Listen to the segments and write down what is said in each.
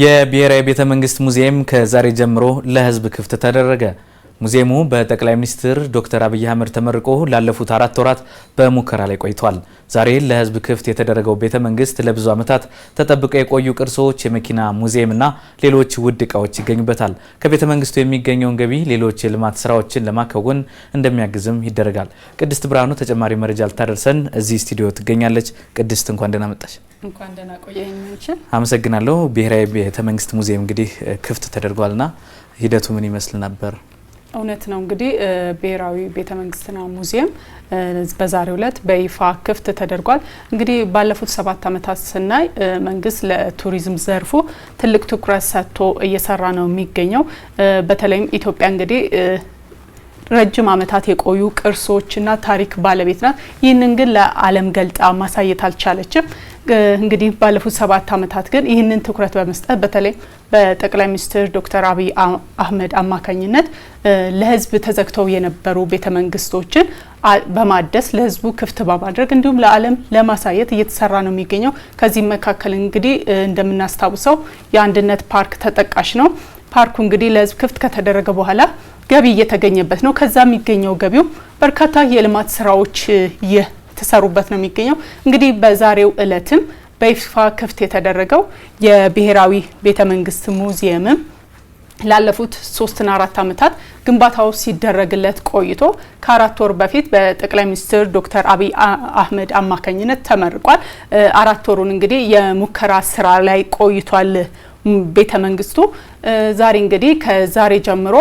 የብሔራዊ ቤተ መንግስት ሙዚየም ከዛሬ ጀምሮ ለህዝብ ክፍት ተደረገ። ሙዚየሙ በጠቅላይ ሚኒስትር ዶክተር አብይ አህመድ ተመርቆ ላለፉት አራት ወራት በሙከራ ላይ ቆይቷል። ዛሬ ለህዝብ ክፍት የተደረገው ቤተ መንግስት ለብዙ ዓመታት ተጠብቀው የቆዩ ቅርሶች፣ የመኪና ሙዚየምና ሌሎች ውድ እቃዎች ይገኙበታል። ከቤተ መንግስቱ የሚገኘውን ገቢ ሌሎች የልማት ስራዎችን ለማከወን እንደሚያግዝም ይደረጋል። ቅድስት ብርሃኑ ተጨማሪ መረጃ ልታደርሰን እዚህ ስቱዲዮ ትገኛለች። ቅድስት እንኳን ደህና መጣሽ። እንኳን ደህና ቆየኝ። አመሰግናለሁ። ብሔራዊ ቤተ መንግስት ሙዚየም እንግዲህ ክፍት ተደርጓልና ሂደቱ ምን ይመስል ነበር? እውነት ነው እንግዲህ ብሔራዊ ቤተ መንግስትና ሙዚየም በዛሬው ዕለት በይፋ ክፍት ተደርጓል። እንግዲህ ባለፉት ሰባት ዓመታት ስናይ መንግስት ለቱሪዝም ዘርፉ ትልቅ ትኩረት ሰጥቶ እየሰራ ነው የሚገኘው። በተለይም ኢትዮጵያ እንግዲህ ረጅም ዓመታት የቆዩ ቅርሶችና ታሪክ ባለቤት ናት። ይህንን ግን ለዓለም ገልጣ ማሳየት አልቻለችም። እንግዲህ ባለፉት ሰባት አመታት ግን ይህንን ትኩረት በመስጠት በተለይ በጠቅላይ ሚኒስትር ዶክተር አብይ አህመድ አማካኝነት ለህዝብ ተዘግተው የነበሩ ቤተ መንግስቶችን በማደስ ለህዝቡ ክፍት በማድረግ እንዲሁም ለዓለም ለማሳየት እየተሰራ ነው የሚገኘው። ከዚህ መካከል እንግዲህ እንደምናስታውሰው የአንድነት ፓርክ ተጠቃሽ ነው። ፓርኩ እንግዲህ ለህዝብ ክፍት ከተደረገ በኋላ ገቢ እየተገኘበት ነው። ከዛ የሚገኘው ገቢው በርካታ የልማት ስራዎች እየተሰሩበት ነው የሚገኘው። እንግዲህ በዛሬው እለትም በይፋ ክፍት የተደረገው የብሔራዊ ቤተ መንግስት ሙዚየምም ላለፉት ሶስትና አራት ዓመታት ግንባታው ሲደረግለት ቆይቶ ከአራት ወር በፊት በጠቅላይ ሚኒስትር ዶክተር አብይ አህመድ አማካኝነት ተመርቋል። አራት ወሩን እንግዲህ የሙከራ ስራ ላይ ቆይቷል ቤተ መንግስቱ ዛሬ እንግዲህ ከዛሬ ጀምሮ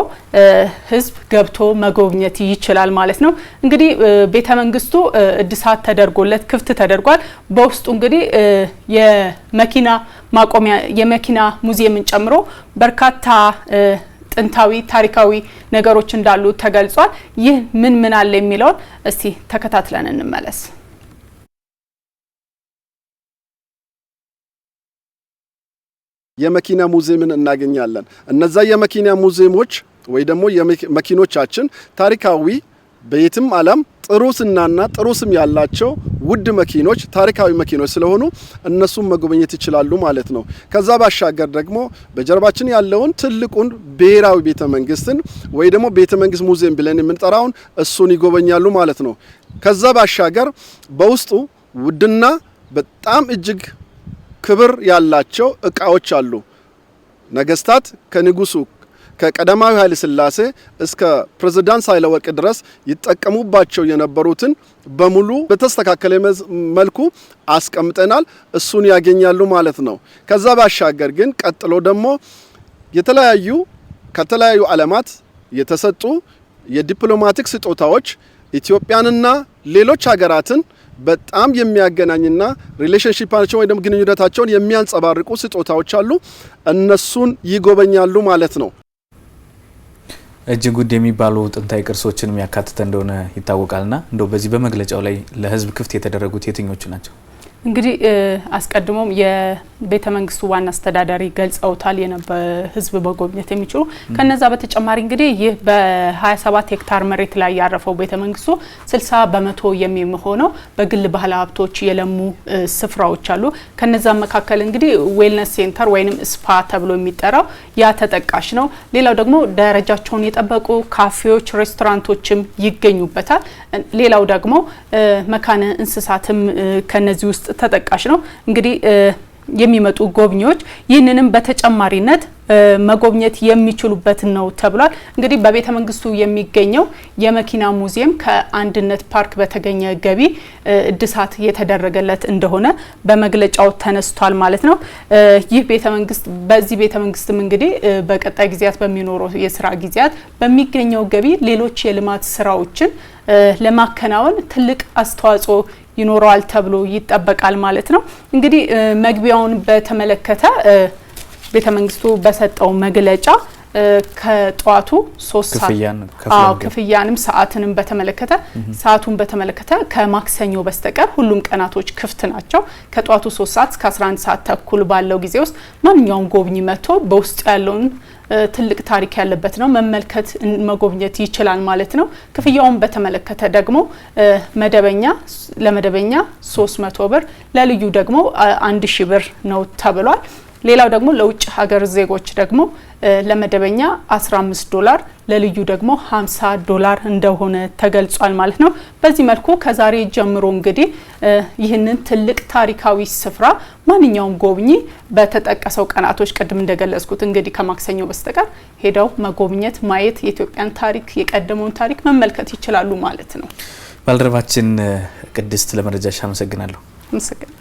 ህዝብ ገብቶ መጎብኘት ይችላል ማለት ነው። እንግዲህ ቤተ መንግስቱ እድሳት ተደርጎለት ክፍት ተደርጓል። በውስጡ እንግዲህ የመኪና ማቆሚያ የመኪና ሙዚየምን ጨምሮ በርካታ ጥንታዊ ታሪካዊ ነገሮች እንዳሉ ተገልጿል። ይህ ምን ምን አለ የሚለውን እስቲ ተከታትለን እንመለስ። የመኪና ሙዚየምን እናገኛለን። እነዛ የመኪና ሙዚየሞች ወይ ደግሞ መኪኖቻችን ታሪካዊ በየትም ዓለም ጥሩ ስናና ጥሩ ስም ያላቸው ውድ መኪኖች ታሪካዊ መኪኖች ስለሆኑ እነሱም መጎብኘት ይችላሉ ማለት ነው። ከዛ ባሻገር ደግሞ በጀርባችን ያለውን ትልቁን ብሔራዊ ቤተ መንግስትን ወይ ደግሞ ቤተ መንግስት ሙዚየም ብለን የምንጠራውን እሱን ይጎበኛሉ ማለት ነው። ከዛ ባሻገር በውስጡ ውድና በጣም እጅግ ክብር ያላቸው እቃዎች አሉ። ነገስታት ከንጉሱ ከቀዳማዊ ኃይለ ሥላሴ እስከ ፕሬዝዳንት ሳህለወርቅ ድረስ ይጠቀሙባቸው የነበሩትን በሙሉ በተስተካከለ መልኩ አስቀምጠናል። እሱን ያገኛሉ ማለት ነው። ከዛ ባሻገር ግን ቀጥሎ ደግሞ የተለያዩ ከተለያዩ ዓለማት የተሰጡ የዲፕሎማቲክ ስጦታዎች ኢትዮጵያንና ሌሎች ሀገራትን በጣም የሚያገናኝና ሪሌሽንሺፓቸው ወይ ደግሞ ግንኙነታቸውን የሚያንጸባርቁ ስጦታዎች አሉ። እነሱን ይጎበኛሉ ማለት ነው። እጅግ ውድ የሚባሉ ጥንታዊ ቅርሶችን የሚያካትተ እንደሆነ ይታወቃልና እንደ በዚህ በመግለጫው ላይ ለህዝብ ክፍት የተደረጉት የትኞቹ ናቸው? እንግዲህ አስቀድሞም የቤተ መንግስቱ ዋና አስተዳዳሪ ገልጸውታል ህዝብ መጎብኘት የሚችሉ ከነዛ በተጨማሪ እንግዲህ ይህ በ27 ሄክታር መሬት ላይ ያረፈው ቤተ መንግስቱ 60 በመቶ የሚሆነው በግል ባህል ሀብቶች የለሙ ስፍራዎች አሉ። ከነዛ መካከል እንግዲህ ዌልነስ ሴንተር ወይም ስፓ ተብሎ የሚጠራው ያ ተጠቃሽ ነው። ሌላው ደግሞ ደረጃቸውን የጠበቁ ካፌዎች፣ ሬስቶራንቶችም ይገኙበታል። ሌላው ደግሞ መካነ እንስሳትም ከነዚህ ውስጥ ተጠቃሽ ነው። እንግዲህ የሚመጡ ጎብኚዎች ይህንንም በተጨማሪነት መጎብኘት የሚችሉበት ነው ተብሏል። እንግዲህ በቤተ መንግስቱ የሚገኘው የመኪና ሙዚየም ከአንድነት ፓርክ በተገኘ ገቢ እድሳት የተደረገለት እንደሆነ በመግለጫው ተነስቷል ማለት ነው። ይህ ቤተ መንግስት በዚህ ቤተ መንግስትም እንግዲህ በቀጣይ ጊዜያት በሚኖረው የስራ ጊዜያት በሚገኘው ገቢ ሌሎች የልማት ስራዎችን ለማከናወን ትልቅ አስተዋጽኦ ይኖረዋል ተብሎ ይጠበቃል ማለት ነው። እንግዲህ መግቢያውን በተመለከተ ቤተ መንግስቱ በሰጠው መግለጫ ከጠዋቱ ሶስት ሰዓት ክፍያንም ሰዓትንም በተመለከተ ሰዓቱን በተመለከተ ከማክሰኞ በስተቀር ሁሉም ቀናቶች ክፍት ናቸው። ከጠዋቱ ሶስት ሰዓት እስከ 11 ሰዓት ተኩል ባለው ጊዜ ውስጥ ማንኛውም ጎብኚ መጥቶ በውስጡ ያለውን ትልቅ ታሪክ ያለበት ነው መመልከት መጎብኘት ይችላል ማለት ነው። ክፍያውን በተመለከተ ደግሞ መደበኛ ለመደበኛ 300 ብር ለልዩ ደግሞ አንድ ብር ነው ተብሏል። ሌላው ደግሞ ለውጭ ሀገር ዜጎች ደግሞ ለመደበኛ 15 ዶላር ለልዩ ደግሞ 50 ዶላር እንደሆነ ተገልጿል ማለት ነው። በዚህ መልኩ ከዛሬ ጀምሮ እንግዲህ ይህንን ትልቅ ታሪካዊ ስፍራ ማንኛውም ጎብኚ በተጠቀሰው ቀናቶች ቅድም እንደገለጽኩት እንግዲህ ከማክሰኞ በስተቀር ሄደው መጎብኘት፣ ማየት፣ የኢትዮጵያን ታሪክ የቀደመውን ታሪክ መመልከት ይችላሉ ማለት ነው። ባልደረባችን ቅድስት ለመረጃሽ አመሰግናለሁ። አመሰግናለሁ።